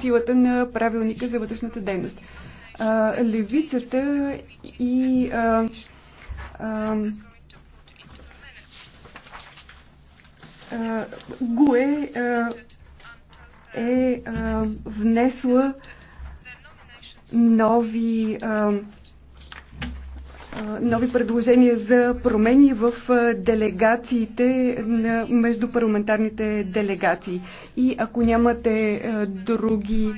силата на правилника за вътрешната дейност. А, левицата и а, а, а, Гуе а, е а, внесла нови а, нови предложения за промени в делегациите на междупарламентарните делегации. И ако нямате други